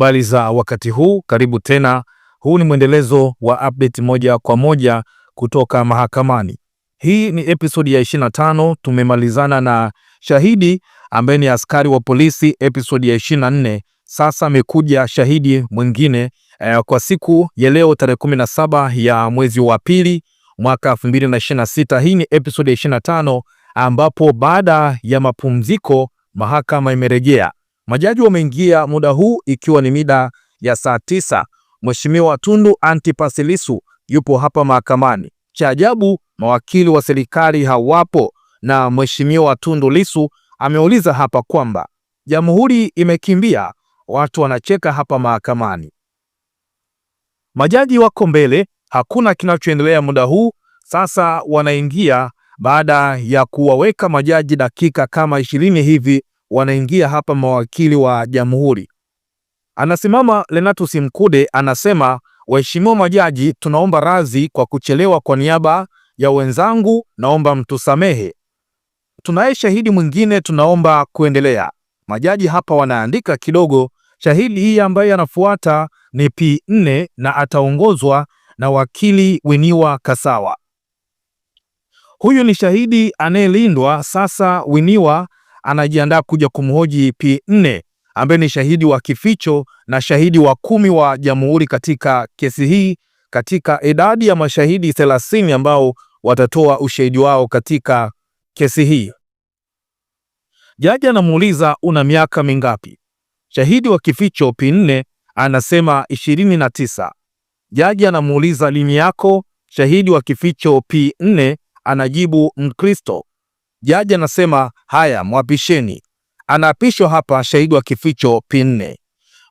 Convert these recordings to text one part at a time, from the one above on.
Habari za wakati huu, karibu tena. Huu ni mwendelezo wa update moja kwa moja kutoka mahakamani. Hii ni episodi ya 25. Tumemalizana na shahidi ambaye ni askari wa polisi episodi ya 24. Sasa amekuja shahidi mwingine eh, kwa siku ya leo tarehe 17 ya mwezi wa pili mwaka 2026. Hii ni episodi ya 25 ambapo baada ya mapumziko mahakama imerejea Majaji wameingia muda huu ikiwa ni mida ya saa tisa. Mheshimiwa Tundu Antipas Lissu yupo hapa mahakamani. Cha ajabu mawakili wa serikali hawapo, na Mheshimiwa Tundu Lissu ameuliza hapa kwamba jamhuri imekimbia. Watu wanacheka hapa mahakamani. Majaji wako mbele, hakuna kinachoendelea muda huu. Sasa wanaingia baada ya kuwaweka majaji dakika kama ishirini hivi wanaingia hapa mawakili wa jamhuri. Anasimama Lenatus Mkude anasema, waheshimiwa majaji, tunaomba radhi kwa kuchelewa. Kwa niaba ya wenzangu, naomba mtusamehe. Tunaye shahidi mwingine, tunaomba kuendelea. Majaji hapa wanaandika kidogo. Shahidi hii ambaye anafuata ni P4 na ataongozwa na wakili Winiwa Kasawa. Huyu ni shahidi anayelindwa sasa. Winiwa anajiandaa kuja kumhoji P4 ambaye ni shahidi wa kificho na shahidi wa kumi wa jamhuri katika kesi hii, katika idadi ya mashahidi 30 ambao watatoa ushahidi wao katika kesi hii. Jaji anamuuliza una miaka mingapi? Shahidi wa kificho P4 anasema 29. Jaji anamuuliza lini yako? Shahidi wa kificho P4 anajibu Mkristo. Jaji anasema haya, mwapisheni. Anaapishwa hapa shahidi wa kificho P4.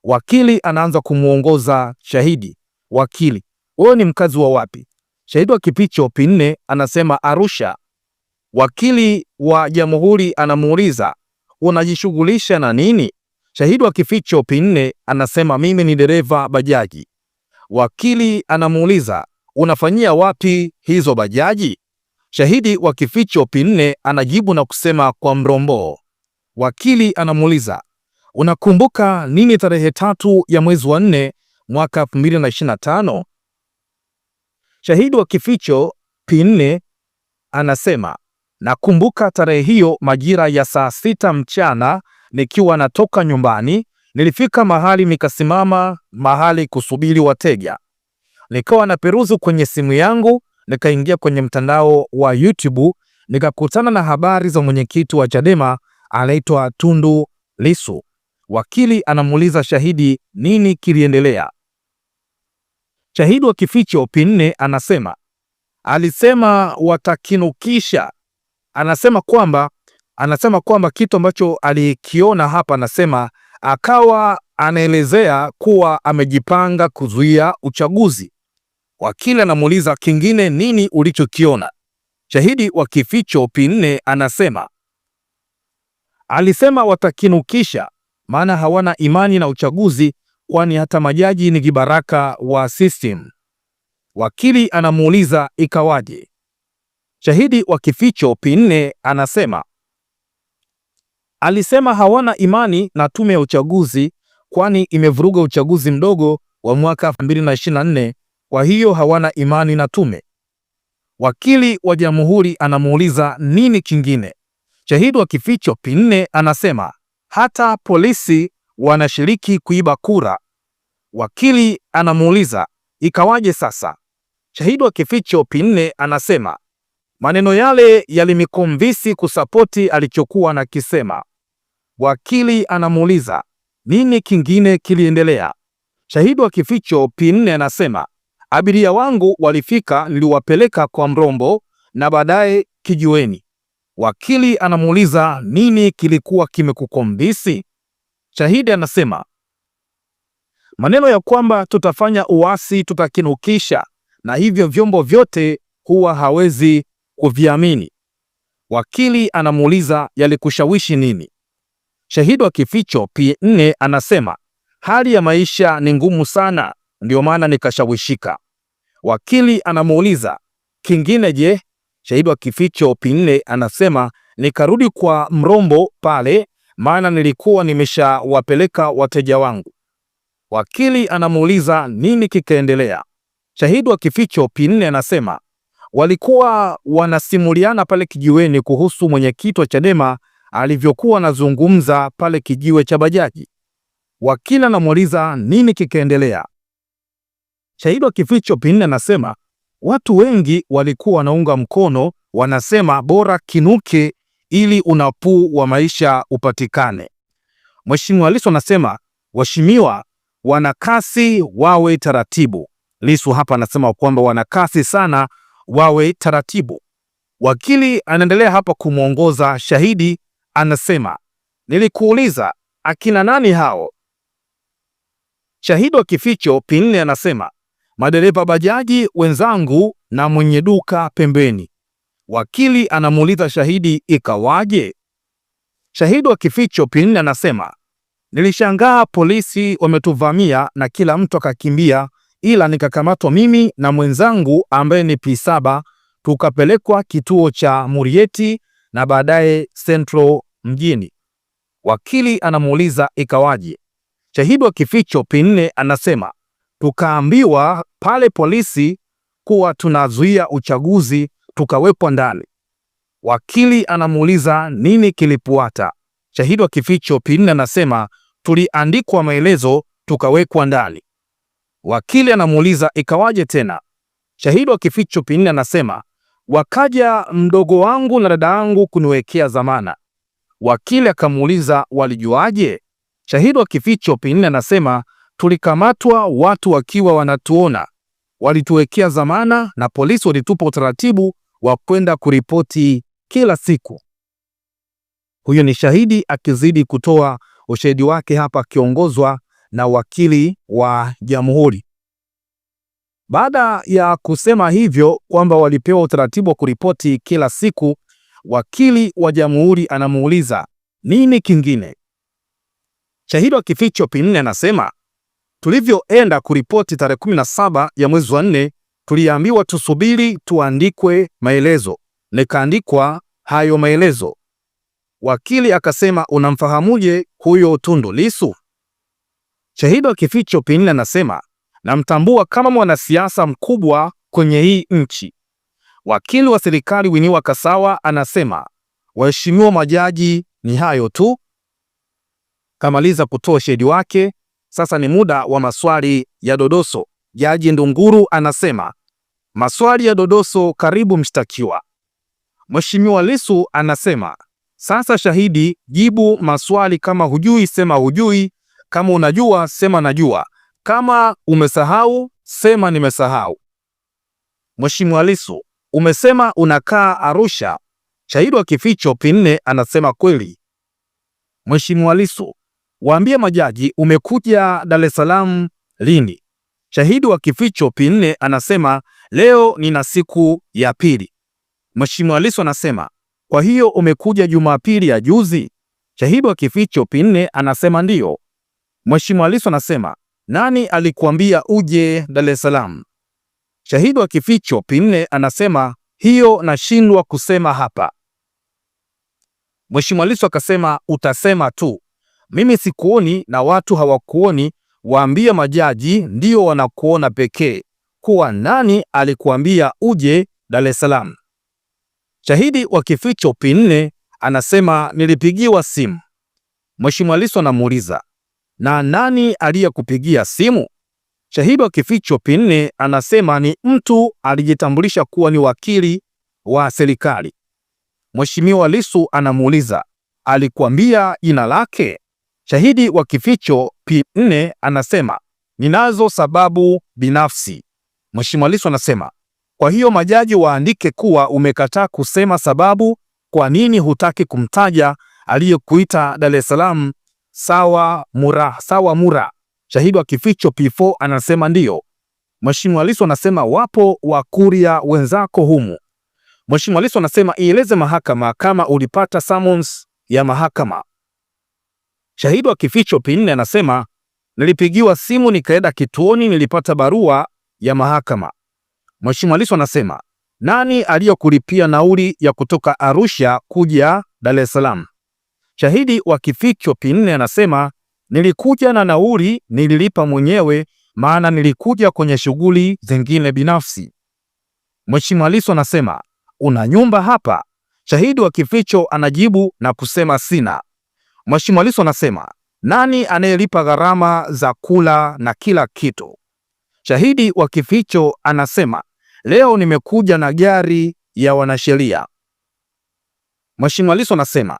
Wakili anaanza kumwongoza shahidi. Wakili, wewe ni mkazi wa wapi? Shahidi wa kificho P4 anasema Arusha. Wakili wa jamhuri anamuuliza unajishughulisha na nini? Shahidi wa kificho P4 anasema mimi ni dereva bajaji. Wakili anamuuliza unafanyia wapi hizo bajaji? Shahidi wa kificho Pinne anajibu na kusema kwa mrombo. Wakili anamuuliza unakumbuka nini tarehe tatu ya mwezi wa nne mwaka 2025? Shahidi wa kificho Pinne anasema nakumbuka tarehe hiyo, majira ya saa sita mchana nikiwa natoka nyumbani, nilifika mahali nikasimama mahali kusubiri wateja, nikawa na peruzu kwenye simu yangu nikaingia kwenye mtandao wa YouTube nikakutana na habari za mwenyekiti wa Chadema anaitwa Tundu Lissu. Wakili anamuuliza shahidi nini kiliendelea. Shahidi wa kificho Pinne anasema alisema watakinukisha, anasema kwamba anasema kwamba kitu ambacho alikiona hapa, anasema akawa anaelezea kuwa amejipanga kuzuia uchaguzi Wakili anamuuliza kingine nini ulichokiona? Shahidi wa kificho P4 anasema alisema watakinukisha, maana hawana imani na uchaguzi, kwani hata majaji ni kibaraka wa system. Wakili anamuuliza ikawaje? Shahidi wa kificho P4 anasema alisema hawana imani na tume ya uchaguzi, kwani imevuruga uchaguzi mdogo wa mwaka 2024 kwa hiyo hawana imani na tume. Wakili wa jamhuri anamuuliza nini kingine. Shahidi wa kificho Pinne anasema hata polisi wanashiriki kuiba kura. Wakili anamuuliza ikawaje sasa? Shahidi wa kificho Pinne anasema maneno yale yalimikomvisi kusapoti alichokuwa nakisema. Wakili anamuuliza nini kingine kiliendelea. Shahidi wa kificho Pinne anasema Abiria wangu walifika, niliwapeleka kwa Mrombo na baadaye kijiweni. Wakili anamuuliza nini kilikuwa kimekukombisi. Shahidi anasema maneno ya kwamba tutafanya uasi, tutakinukisha, na hivyo vyombo vyote huwa hawezi kuviamini. Wakili anamuuliza yalikushawishi nini? Shahidi wa kificho P4 anasema hali ya maisha ni ngumu sana, ndio maana nikashawishika. Wakili anamuuliza kingine, je, shahidi wa kificho Pinne anasema nikarudi kwa mrombo pale, maana nilikuwa nimeshawapeleka wateja wangu. Wakili anamuuliza nini kikaendelea. Shahidi wa kificho Pinne anasema walikuwa wanasimuliana pale kijiweni kuhusu mwenyekiti wa Chadema alivyokuwa anazungumza pale kijiwe cha bajaji. Wakili anamuuliza nini kikaendelea. Shahidi wa kificho anasema watu wengi walikuwa wanaunga mkono, wanasema bora kinuke ili unafuu wa maisha upatikane. Mheshimiwa Lissu anasema waheshimiwa wanakasi wawe taratibu. Lissu hapa anasema kwamba wanakasi sana wawe taratibu. Wakili anaendelea hapa kumwongoza shahidi, anasema nilikuuliza akina nani hao? Shahidi wa kificho Pinne anasema madereva bajaji wenzangu na mwenye duka pembeni. Wakili anamuuliza shahidi, ikawaje? Shahidi wa kificho Pin anasema nilishangaa, polisi wametuvamia na kila mtu akakimbia, ila nikakamatwa mimi na mwenzangu ambaye ni P7, tukapelekwa kituo cha Murieti na baadaye Central mjini. Wakili anamuuliza ikawaje? Shahidi wa kificho Pinne anasema tukaambiwa pale polisi kuwa tunazuia uchaguzi, tukawekwa ndani. Wakili anamuuliza nini kilipuata Shahidi wa kificho Pinna anasema tuliandikwa maelezo tukawekwa ndani. Wakili anamuuliza ikawaje tena? Shahidi wa kificho Pinna anasema wakaja mdogo wangu na dada yangu kuniwekea zamana Wakili akamuuliza walijuaje? Shahidi wa kificho Pinna anasema Tulikamatwa watu wakiwa wanatuona, walituwekea dhamana na polisi walitupa utaratibu wa kwenda kuripoti kila siku. huyo ni shahidi akizidi kutoa ushahidi wake hapa akiongozwa na wakili wa jamhuri. Baada ya kusema hivyo kwamba walipewa utaratibu wa kuripoti kila siku, wakili wa jamhuri anamuuliza nini kingine. Shahidi wa kificho P4 anasema Tulivyoenda kuripoti tarehe 17 ya mwezi wa nne, tuliambiwa tusubiri tuandikwe maelezo. Nikaandikwa hayo maelezo. Wakili akasema unamfahamuje huyo Tundu Lissu? Shahidi wa kificho Pinila anasema namtambua kama mwanasiasa mkubwa kwenye hii nchi. Wakili wa serikali Winiwa Kasawa anasema waheshimiwa majaji, ni hayo tu. Kamaliza kutoa shahidi wake sasa ni muda wa maswali ya dodoso. Jaji Ndunguru anasema maswali ya dodoso, karibu mshtakiwa. Mheshimiwa lisu anasema sasa shahidi, jibu maswali. Kama hujui sema hujui, kama unajua sema najua, kama umesahau sema nimesahau. Mheshimiwa lisu umesema unakaa Arusha. Shahidi wa kificho P4 anasema kweli. Mheshimiwa lisu Waambie majaji umekuja Dar es Salaam lini? Shahidi wa kificho P4 anasema leo nina siku ya pili. Mheshimiwa Lissu anasema kwa hiyo umekuja Jumapili ya juzi? Shahidi wa kificho P4 anasema ndiyo. Mheshimiwa Lissu anasema nani alikuambia uje Dar es Salaam? Shahidi wa kificho P4 anasema hiyo nashindwa kusema hapa. Mheshimiwa Lissu akasema utasema tu mimi sikuoni na watu hawakuoni, waambie majaji ndio wanakuona pekee, kuwa nani alikuambia uje Dar es Salaam. Shahidi wa kificho Pinne anasema nilipigiwa simu. Mheshimiwa Lissu anamuuliza na nani aliyekupigia simu? Shahidi wa kificho Pinne anasema ni mtu alijitambulisha kuwa ni wakili wa serikali. Mheshimiwa Lissu anamuuliza alikuambia jina lake? Shahidi wa kificho P4 anasema ninazo sababu binafsi. Mheshimiwa Lissu anasema kwa hiyo majaji waandike kuwa umekataa kusema sababu kwa nini hutaki kumtaja aliyekuita Dar es Salaam sawa mura, sawa mura. Shahidi wa kificho P4 anasema ndiyo. Mheshimiwa Lissu anasema wapo wakuria wenzako humu. Mheshimiwa Lissu anasema ieleze mahakama kama ulipata summons ya mahakama. Shahidi wa kificho pinne anasema nilipigiwa simu nikaenda kituoni, nilipata barua ya mahakama. Mheshimiwa Lissu anasema nani aliyokulipia nauli ya kutoka Arusha kuja Dar es Salaam? Shahidi wa kificho pinne anasema nilikuja na nauli nililipa mwenyewe, maana nilikuja kwenye shughuli zingine binafsi. Mheshimiwa Lissu anasema una nyumba hapa? Shahidi wa kificho anajibu na kusema sina. Mheshimiwa Lissu anasema nani anayelipa gharama za kula na kila kitu? Shahidi wa kificho anasema leo nimekuja na gari ya wanasheria. Mheshimiwa Lissu anasema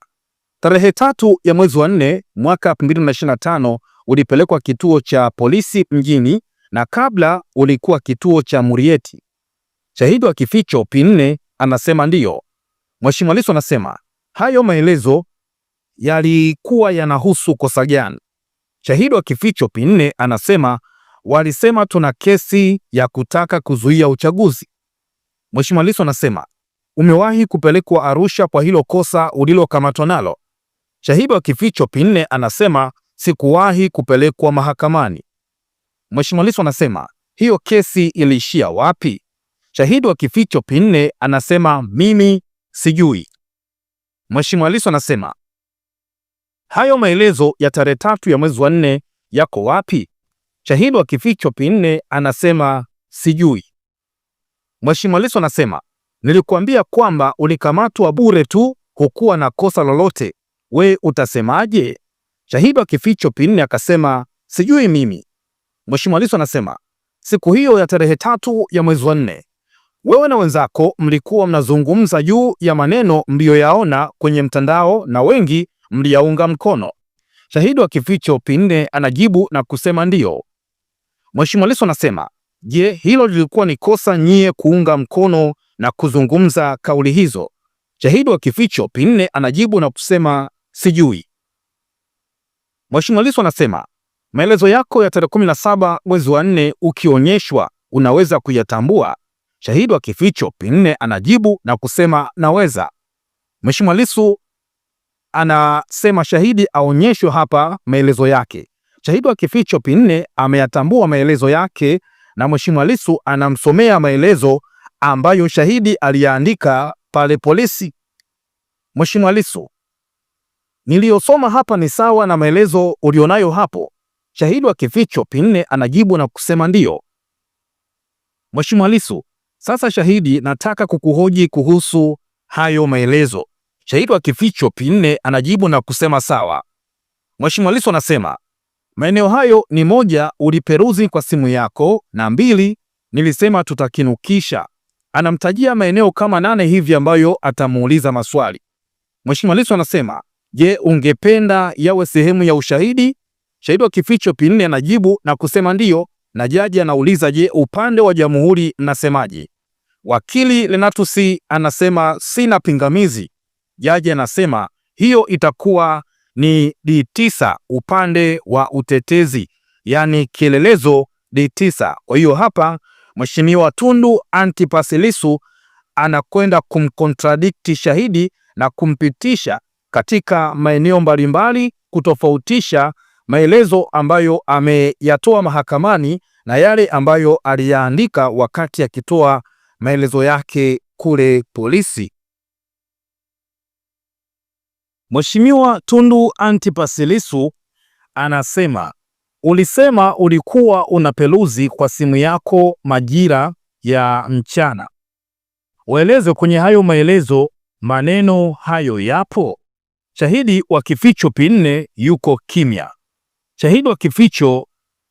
tarehe tatu ya mwezi wa nne mwaka 2025 ulipelekwa kituo cha polisi mjini na kabla ulikuwa kituo cha Murieti. Shahidi wa kificho P4 anasema ndiyo. Mheshimiwa Lissu anasema hayo maelezo yalikuwa yanahusu kosa gani? Shahidi wa kificho Pinne anasema walisema tuna kesi ya kutaka kuzuia uchaguzi. Mheshimiwa Lissu anasema umewahi kupelekwa Arusha kwa hilo kosa ulilokamatwa nalo? Shahidi wa kificho Pinne anasema sikuwahi kupelekwa mahakamani. Mheshimiwa Lissu anasema hiyo kesi iliishia wapi? Shahidi wa kificho Pinne anasema mimi sijui. Mheshimiwa Lissu anasema Hayo maelezo ya tarehe tatu ya mwezi wa nne yako wapi? Shahidi wa kificho P4 anasema sijui. Mheshimiwa Lissu anasema nilikuambia kwamba ulikamatwa bure tu, hukuwa na kosa lolote, we utasemaje? Shahidi wa kificho P4 akasema sijui mimi. Mheshimiwa Lissu anasema siku hiyo ya tarehe tatu ya mwezi wa nne wewe na wenzako mlikuwa mnazungumza juu ya maneno mliyoyaona kwenye mtandao na wengi mliyaunga mkono? Shahidi wa kificho Pinne anajibu na kusema ndiyo. Mheshimiwa Lissu anasema, je, hilo lilikuwa ni kosa nyie kuunga mkono na kuzungumza kauli hizo? Shahidi wa kificho Pinne anajibu na kusema sijui. Mheshimiwa Lissu anasema, maelezo yako ya tarehe 17 mwezi wa 4 ukionyeshwa unaweza kuyatambua? Shahidi wa kificho Pinne anajibu na kusema naweza. Mheshimiwa Lissu anasema shahidi aonyeshwe hapa maelezo yake. Shahidi wa kificho P4 ameyatambua maelezo yake na Mheshimiwa Lissu anamsomea maelezo ambayo shahidi aliyaandika pale polisi. Mheshimiwa Lissu, niliyosoma hapa ni sawa na maelezo ulionayo hapo? Shahidi wa kificho P4 anajibu na kusema ndiyo. Mheshimiwa Lissu, sasa shahidi, nataka kukuhoji kuhusu hayo maelezo. Shahidi wa kificho Pinne anajibu na kusema sawa. Mheshimiwa Lissu anasema maeneo hayo ni moja, uliperuzi kwa simu yako, na mbili, nilisema tutakinukisha. Anamtajia maeneo kama nane hivi ambayo atamuuliza maswali. Mheshimiwa Lissu anasema je, ungependa yawe sehemu ya ushahidi? Shahidi wa kificho P4 anajibu na kusema ndiyo, na jaji anauliza je, upande wa jamhuri mnasemaje? Wakili Lenatus anasema sina pingamizi jaji anasema hiyo itakuwa ni D9 upande wa utetezi, yaani kielelezo D9. Kwa hiyo hapa Mheshimiwa Tundu Antipas Lissu anakwenda kumkontradikti shahidi na kumpitisha katika maeneo mbalimbali, kutofautisha maelezo ambayo ameyatoa mahakamani na yale ambayo aliyaandika wakati akitoa maelezo yake kule polisi. Mheshimiwa Tundu Antipas Lissu anasema ulisema ulikuwa peluzi kwa simu yako majira ya mchana. Waeleze kwenye hayo maelezo maneno hayo yapo? Shahidi wa kificho P4 yuko kimya. Shahidi wa kificho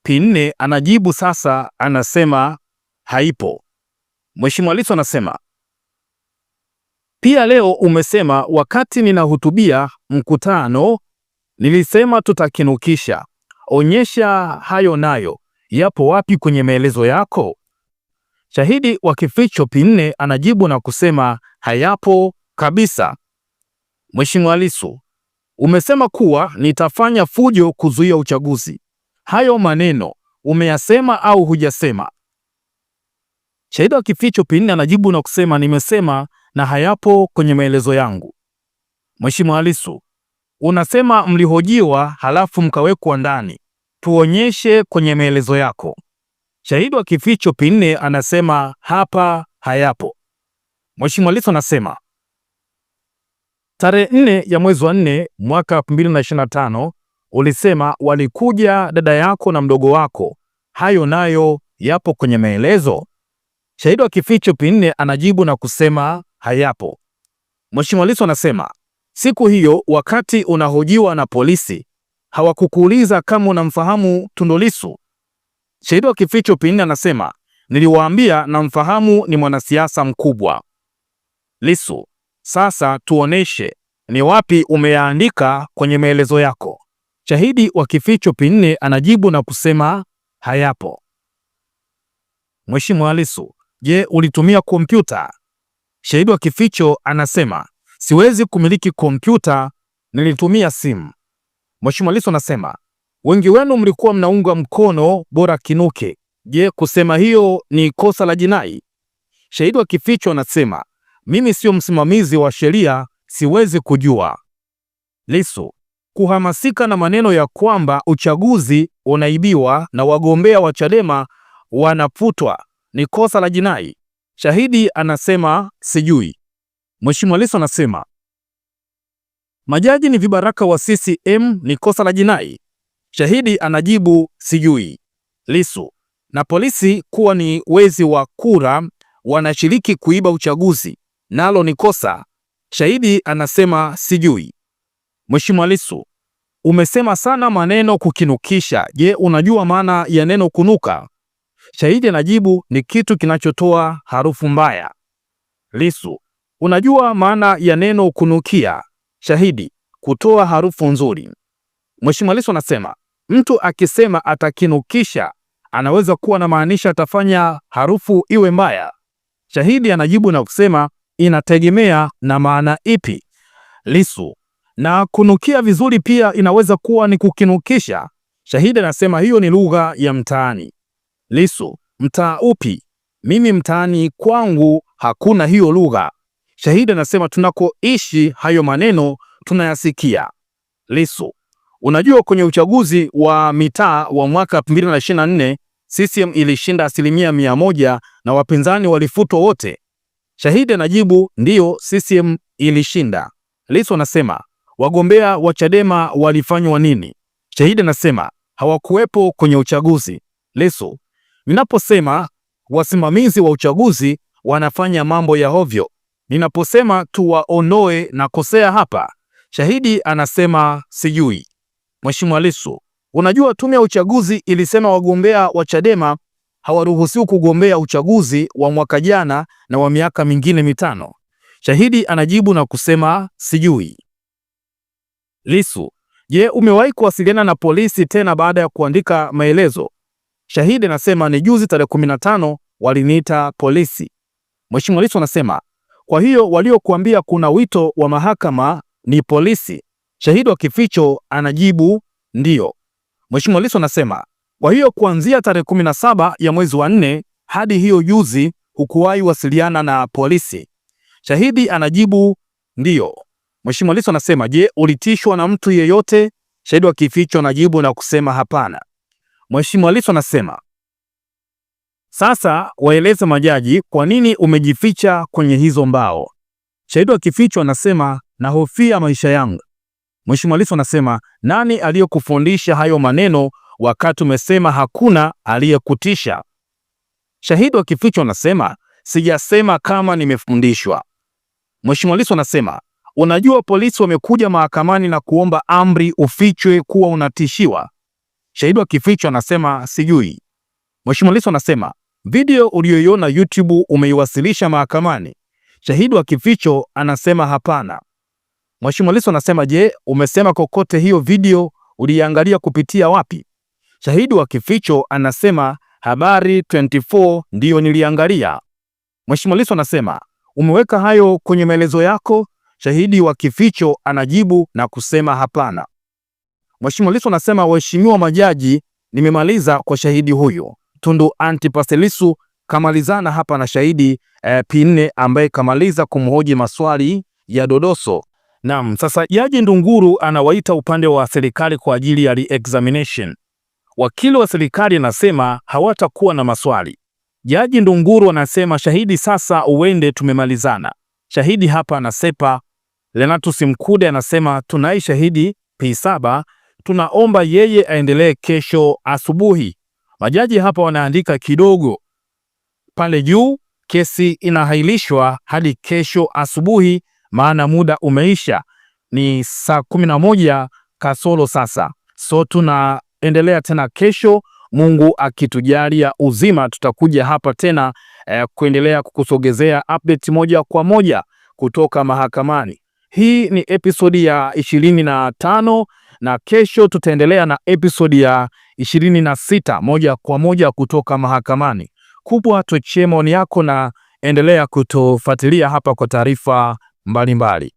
P4 anajibu sasa, anasema haipo. Mheshimiwa Lissu anasema pia leo umesema wakati ninahutubia mkutano nilisema tutakinukisha. Onyesha hayo nayo yapo wapi kwenye maelezo yako? Shahidi wa kificho Pinne anajibu na kusema hayapo kabisa. Mheshimiwa Lissu, umesema kuwa nitafanya fujo kuzuia uchaguzi. Hayo maneno umeyasema au hujasema? Shahidi wa kificho Pinne anajibu na kusema nimesema na hayapo kwenye maelezo yangu. Mheshimiwa Lissu, unasema mlihojiwa halafu mkawekwa ndani. Tuonyeshe kwenye maelezo yako. Shahidi wa kificho Pinne anasema hapa hayapo. Mheshimiwa Lissu anasema tarehe nne ya mwezi wa nne mwaka 2025 ulisema walikuja dada yako na mdogo wako, hayo nayo yapo kwenye maelezo? Shahidi wa kificho Pinne anajibu na kusema hayapo. Mheshimiwa Lissu anasema siku hiyo wakati unahojiwa na polisi hawakukuuliza kama unamfahamu Tundu Lissu. Shahidi wa kificho Pinda anasema niliwaambia namfahamu, ni mwanasiasa mkubwa. Lissu, sasa tuoneshe ni wapi umeyaandika kwenye maelezo yako. Shahidi wa kificho Pinne anajibu na kusema hayapo. Mheshimiwa Lissu, je, ulitumia kompyuta Shahidi wa kificho anasema siwezi kumiliki kompyuta, nilitumia simu. Mheshimiwa Lissu anasema wengi wenu mlikuwa mnaunga mkono bora kinuke. Je, kusema hiyo ni kosa la jinai? Shahidi wa kificho anasema mimi sio msimamizi wa sheria, siwezi kujua. Lissu kuhamasika na maneno ya kwamba uchaguzi unaibiwa na wagombea wa Chadema wanafutwa ni kosa la jinai. Shahidi anasema sijui. Mheshimiwa Lissu anasema majaji ni vibaraka wa CCM, ni kosa la jinai. Shahidi anajibu sijui. Lissu na polisi kuwa ni wezi wa kura, wanashiriki kuiba uchaguzi, nalo ni kosa. Shahidi anasema sijui. Mheshimiwa Lissu, umesema sana maneno kukinukisha. Je, unajua maana ya neno kunuka? Shahidi anajibu ni kitu kinachotoa harufu mbaya. lisu unajua maana ya neno kunukia? Shahidi: kutoa harufu nzuri. Mheshimiwa lisu anasema mtu akisema atakinukisha anaweza kuwa na maanisha atafanya harufu iwe mbaya. Shahidi anajibu na kusema inategemea na maana ipi. Lisu, na kunukia vizuri pia inaweza kuwa ni kukinukisha. Shahidi anasema hiyo ni lugha ya mtaani. Lissu, mtaa upi? Mimi mtaani kwangu hakuna hiyo lugha. Shahidi anasema tunakoishi hayo maneno tunayasikia. Lissu, unajua kwenye uchaguzi wa mitaa wa mwaka 2024 CCM ilishinda asilimia mia moja na wapinzani walifutwa wote. Shahidi anajibu ndiyo, CCM ilishinda. Lissu anasema wagombea wa Chadema walifanywa nini? Shahidi anasema hawakuwepo kwenye uchaguzi. Lissu, Ninaposema wasimamizi wa uchaguzi wanafanya mambo ya hovyo, ninaposema tuwaondoe, na kosea hapa. Shahidi anasema sijui. Mheshimiwa Lissu, unajua tume ya uchaguzi ilisema wagombea wa Chadema hawaruhusiwi kugombea uchaguzi wa mwaka jana na wa miaka mingine mitano. Shahidi anajibu na kusema sijui. Lissu, je, umewahi kuwasiliana na polisi tena baada ya kuandika maelezo Shahidi anasema ni juzi tarehe 15 waliniita polisi. Mheshimiwa Lissu anasema kwa hiyo waliokuambia kuna wito wa mahakama ni polisi? Shahidi wa kificho anajibu ndiyo. Mheshimiwa Lissu anasema kwa hiyo kuanzia tarehe 17 ya mwezi wa nne hadi hiyo juzi hukuwahi wasiliana na polisi? Shahidi anajibu ndiyo. Mheshimiwa Lissu anasema je, ulitishwa na mtu yeyote? Shahidi wa kificho anajibu na kusema hapana. Mheshimiwa Lissu anasema sasa waeleze majaji kwa nini umejificha kwenye hizo mbao. Shahidi akifichwa anasema nahofia maisha yangu. Mheshimiwa Lissu anasema nani aliyokufundisha hayo maneno wakati umesema hakuna aliyekutisha? Shahidi akifichwa anasema sijasema kama nimefundishwa. Mheshimiwa Lissu anasema unajua polisi wamekuja mahakamani na kuomba amri ufichwe kuwa unatishiwa. Shahidi wa kificho anasema sijui. Mheshimiwa Lissu anasema video uliyoiona YouTube umeiwasilisha mahakamani. Shahidi wa kificho anasema hapana. Mheshimiwa Lissu anasema je, umesema kokote hiyo video uliiangalia kupitia wapi? Shahidi wa kificho anasema Habari 24 ndiyo niliangalia. Mheshimiwa Lissu anasema umeweka hayo kwenye maelezo yako? Shahidi wa kificho anajibu na kusema hapana. Mheshimiwa Lissu anasema waheshimiwa majaji, nimemaliza kwa shahidi huyu Tundu Antipas Lissu kamalizana hapa na shahidi eh, P4 ambaye kamaliza kumhoji maswali ya dodoso. Naam, sasa Jaji Ndunguru anawaita upande wa serikali kwa ajili ya re-examination. Wakili wa serikali anasema hawatakuwa na maswali. Jaji Ndunguru anasema shahidi, sasa uende, tumemalizana. Shahidi hapa anasepa Lenatus Mkude anasema tunai shahidi P7 tunaomba yeye aendelee kesho asubuhi. Majaji hapa wanaandika kidogo pale juu, kesi inahailishwa hadi kesho asubuhi, maana muda umeisha, ni saa kumi na moja kasoro sasa. So tunaendelea tena kesho, Mungu akitujalia uzima, tutakuja hapa tena eh, kuendelea kukusogezea update moja kwa moja kutoka mahakamani. Hii ni episodi ya ishirini na tano na kesho tutaendelea na episodi ya 26 moja kwa moja kutoka mahakamani kubwa. Tuchie maoni yako na endelea kutufuatilia hapa kwa taarifa mbalimbali.